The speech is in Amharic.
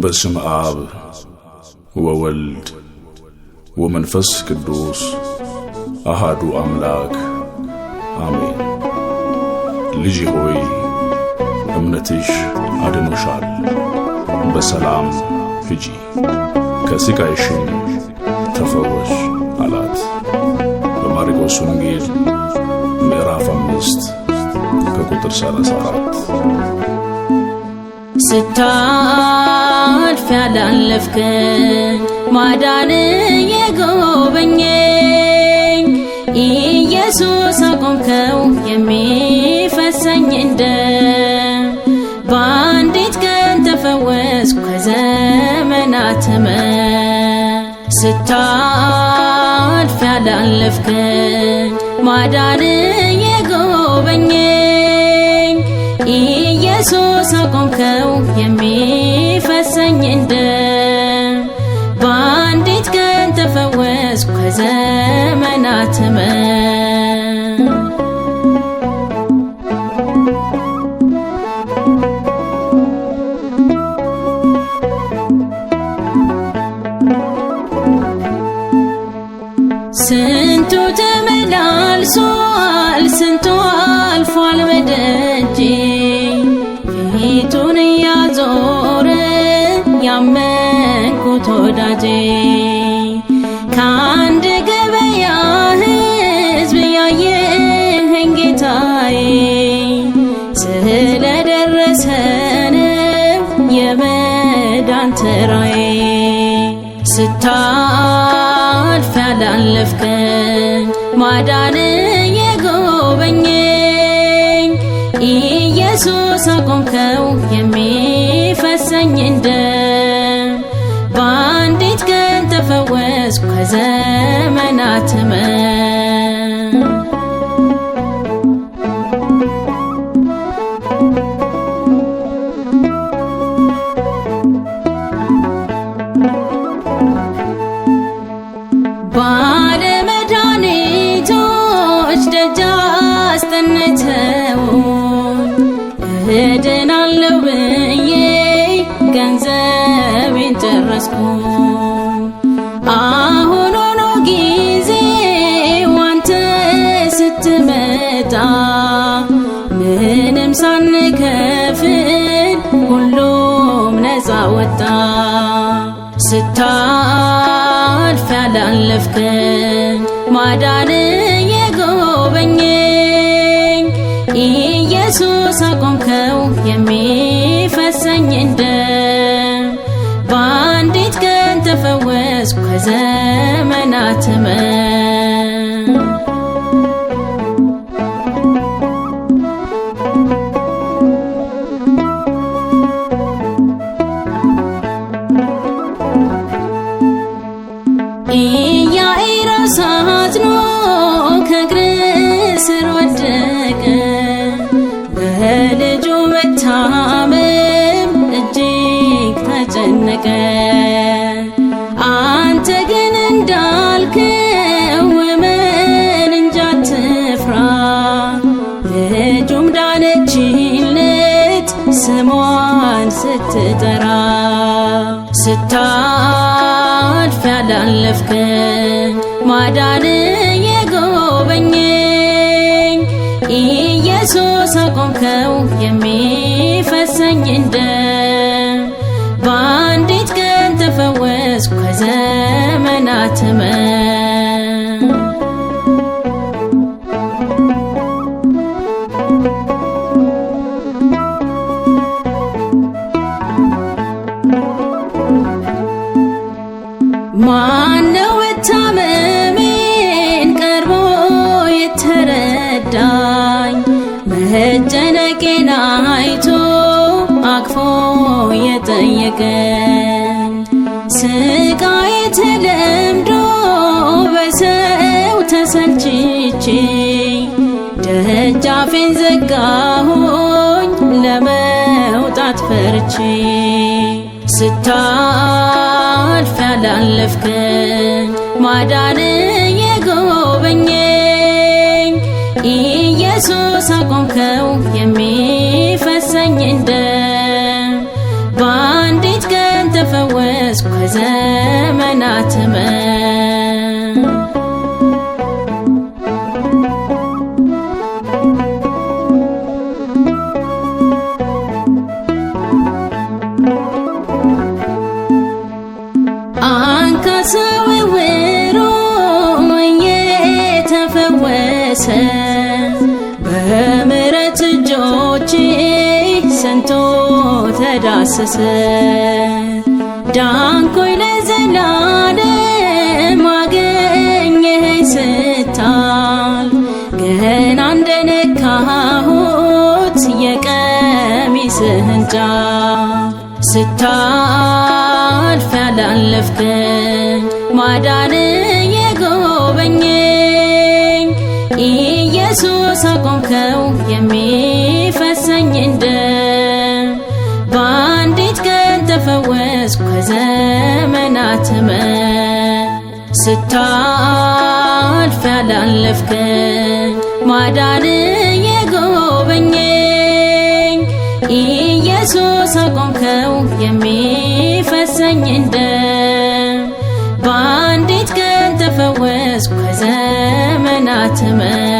በስም አብ ወወልድ ወመንፈስ ቅዱስ አሃዱ አምላክ አሜን። ልጅ ሆይ እምነትሽ አድኖሻል፣ በሰላም ሂጂ፣ ከስቃይሽም ተፈወሽ አላት። በማርቆስ ወንጌል ምዕራፍ አምስት ከቁጥር 34 ስታልፍ ያላለፍከኝ ማዳን የጎበኘኝ ኢየሱስ አቆምከው የሚፈሰኝ እንደ በአንዲት ቀን ተፈወስ ከዘመናተመ ሕመም ስታልፍ ያላለፍከኝ ማዳን የጎበኘኝ ኢየሱስ አቆምከው የሚፈሰኝ እንደ በአንዲት ቀን ተፈወስኩ ከዘመናት ሕመም። ስንቱ ተመላልሷል ስንቱ አልፏል በደጄ ፊቱን እያዞረ ያመንኩት ወዳጄ ከአንድ ገበያ ሕዝብ ያየኸኝ ጌታዬ ስለደረሰን የመዳን ተራዬ ስታልፍ ያላለፍከን አሳቆምከው የሚፈሰኝ እንደ በአንዲት ቀን ተፈወስኩ ከዘመናት አልደረስኩም። አሁን ሆኖ ጊዜው አንተ ስትመጣ ምንም ሳንከፍል ሁሉም ነፃ ወጣ። ስታልፍ ያላለፍከኝ ማዳን የጎበኘኝ ኢየሱስ አቆምከው የሚ ስታድፍ ያላለፍከኝ ማዳን የጎበኘኝ ኢየሱስ አቆምከው የሚፈሰኝ እንደ በአንዲት ቀን ተፈወስኩ ከዘመናት ሕመም ማነው ታመሜን ቀርቦ የተረዳኝ መጨነቄን አይቶ አቅፎ የጠየቀኝ ስቃዬ ተለምዶ በሰው ተሰልችቼ ደጃፌን ዘጋሁኝ ለመውጣት ፈርቼ ስታ ያላለፍከኝ ማዳን የጎበኘኝ ኢየሱስ አቆምከው የሚፈሰኝ በአንዲት ቀን ተፈወስኩ ከዘመናት ከውርወሮ የተፈወሰ በምረት እጆች ሰንቶ ተዳሰሰ ዳንኮይ ለዘላለም አገኘህ ስታል ገና እንደነካሁት የቀሚስህን ጫፍ ስታልፍ ያላለፍከኝ ማዳን የጎበኘኝ ኢየሱስ አቆምከው የሚፈሰኝ እንደ በአንዲት ቀን ተፈወስኩ ከዘመናት ሕመም ስታልፍ ያላለፍከኝ ማዳን የጎበኘኝ ኢየሱስ አቆምከው የሚፈሰኝ እንደ women.